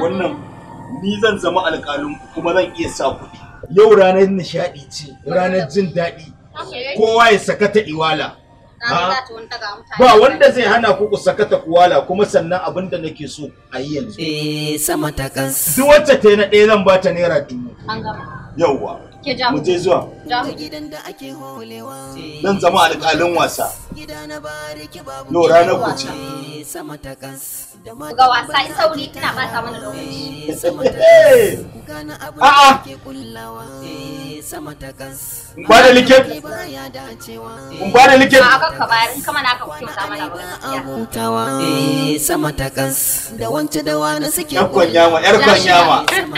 Wannan ni zan zama alƙalin kuma zan iya sa kuɗi. Yau ranar nishaɗi ce, ranar jin daɗi. Kowa ya sakata iwala. Ba wanda zai hana ku sakata kuwala kuma sannan abinda nake so a yi yanzu. Eh sama ta Duk wacce ta yi na ɗaya zan ba ta naira dubu. An gama. Yauwa. Ke Mu je zuwa. Gidan da ake holewa. Zan eh. zama alƙalin wasa. Gida na ranar ku ce. Eh, ga wasa yi sauri kina ba eh, ta mana lokaci. a'a ba da ba da A'a kakka bayar kama na ka kyauta mana ba. Hutawa. Sama ta kas. Da wance da wani suke. Yar yama. yar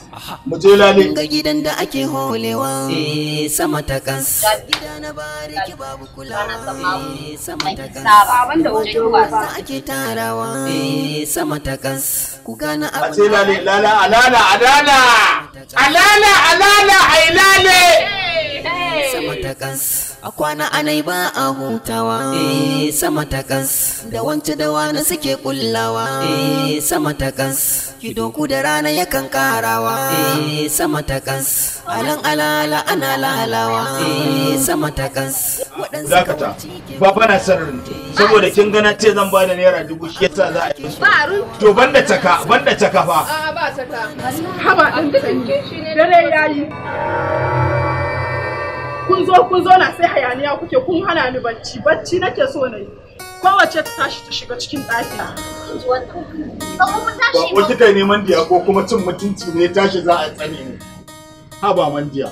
mu je lale ga gidan da ake holewa eh, sama ta kas gida na bariki babu kulawa sama ta kas baban da wato ba ake tarawa eh, sama ta kas ku gana a ce lale lala alala alala alala alala ai lale sama ta kas a kwana anai ba a hutawa eh sama takas da wance da wani suke kullawa eh sama takas ku da rana kan karawa eh sama takas alan alala ana lalawa eh sama takas dakata ba bana sarrin saboda kin gana ce zan ba da naira dubu shi yasa za a yi to banda taka banda taka fa a ba taka haba din ne dare yayi kun zo kun zo na sai hayaniya kuke kun hana ni bacci bacci nake so na yi kowace ta tashi ta shiga cikin ɗaki na ba ko kika neman diya ko kuma cin mutunci ne tashi za a tsane ni ha ba man diya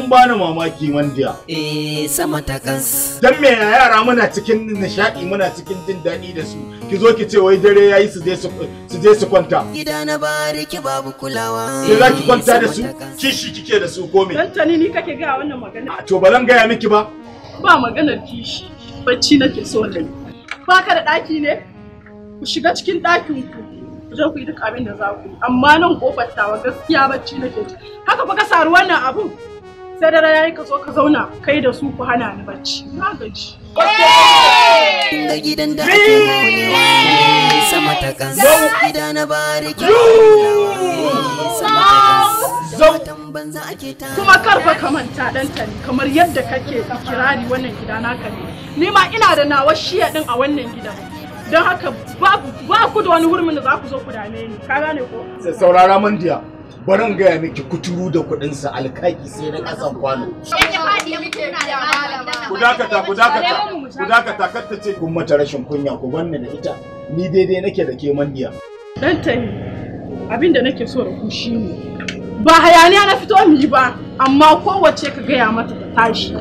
kin bani mamaki mandiya. Eh sama ta kansu Dan me yara muna cikin nishaɗi muna cikin jin daɗi da su. Ki zo ki ce wai dare yayi su je su su je su kwanta. Gida na bariki babu kulawa. Ke za ki kwanta da su? Kishi kike da su ko me? Dan tani ni kake ga wannan magana. To ba zan gaya miki ba. Ba maganar kishi. Bacci nake so na Ba ka da ɗaki ne? Ku shiga cikin ɗakin ku. ku je ku yi duk abin da za ku yi. Amma nan kofar tawa gaskiya bacci nake. Haka fa ka saru wannan abu? sai dare yayi ka zo ka zauna kai da su ku hana ni bacci na gaji da kuma karfa ka manta ɗanta kamar yadda kake kirari wannan gida naka ne ni ma ina da nawa shiya din a wannan gidan don haka ba ku da wani hurmin da za ku zo ku dame ni ka gane ko saurara diya. barin gaya miki kuturu da kuɗinsa alkaki sai na kasan kwano. Ku dakata, ku dakata, ku dakata, kar ta ce kun mata rashin kunya ku banni da ita. Ni daidai nake da ke mandiya. Dan tayi, abin da nake so da ku shi ne. Ba hayaniya na fito mu yi ba, amma kowace ka gaya mata ta tashi.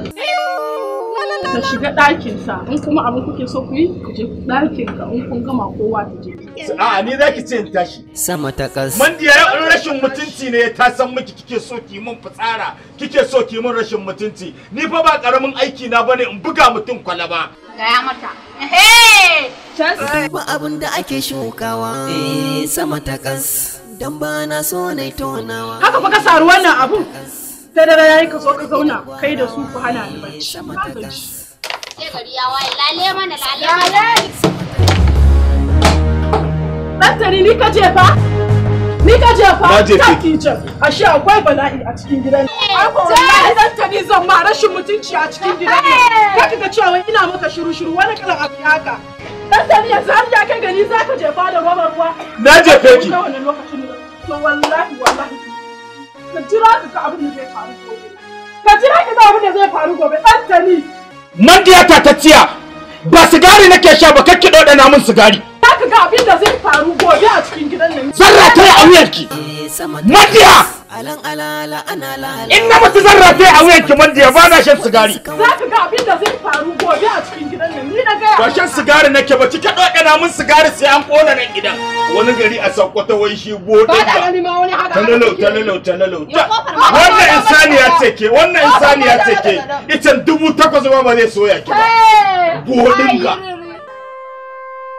ka shiga ɗakinsa in kuma abin kuke so ku yi ku je ɗakin ka in kun gama kowa ta je. A'a ni za ki ce in tashi. Sama ta ƙasa. Mandiya ya rashin mutunci ne ta san miki kike so ki min fitsara kike so ki mun rashin mutunci ni fa ba ƙaramin aiki na bane in buga mutum kwalaba. Gaya mata. Ba abin da ake shukawa eh. sama ta ƙas. Dan ba na so na tonawa. Haka fa ka saru wannan abu. sai da yayi ka zo ka zauna kai da su ku hana ni bacci na gaji ke gari ya waye lale mana lale mana Dantari ni ka jefa? Ni ka jefa? Na jefa. Ki jefa. Ashe akwai bala'i a cikin gidan. Ako eh, wallahi dantari zan ma rashin mutunci a cikin gidan. Eh! Kaka ga cewa ina maka shiru-shiru wani kalan abu haka. Dantari yanzu har ya kai gani za ka jefa da robar ruwa. Na jefe ki. To wallahi wallahi ka jira ka ga abin da zai faru gobe ka jira ka ga abin da zai faru gobe dan tani mandiya ta tacciya ba sigari nake sha ba kakki doda na mun sigari za ka ga abin da zai faru gobe a cikin gidan nan zarra ta a wuyarki mandiya in na mutu zarra ta a wuyarki mandiya ba na shan sigari za ka ga abin da zai faru gobe ba shan sigari nake ba cike doke na mun sigari sai an kona nan gidan wani gari a sakkwato wai shi bude ba talalau talalau talalau wannan insaniya ce ke wannan insaniya ce ke itan dubu takwas ma ba zai soya ki ba bodin ka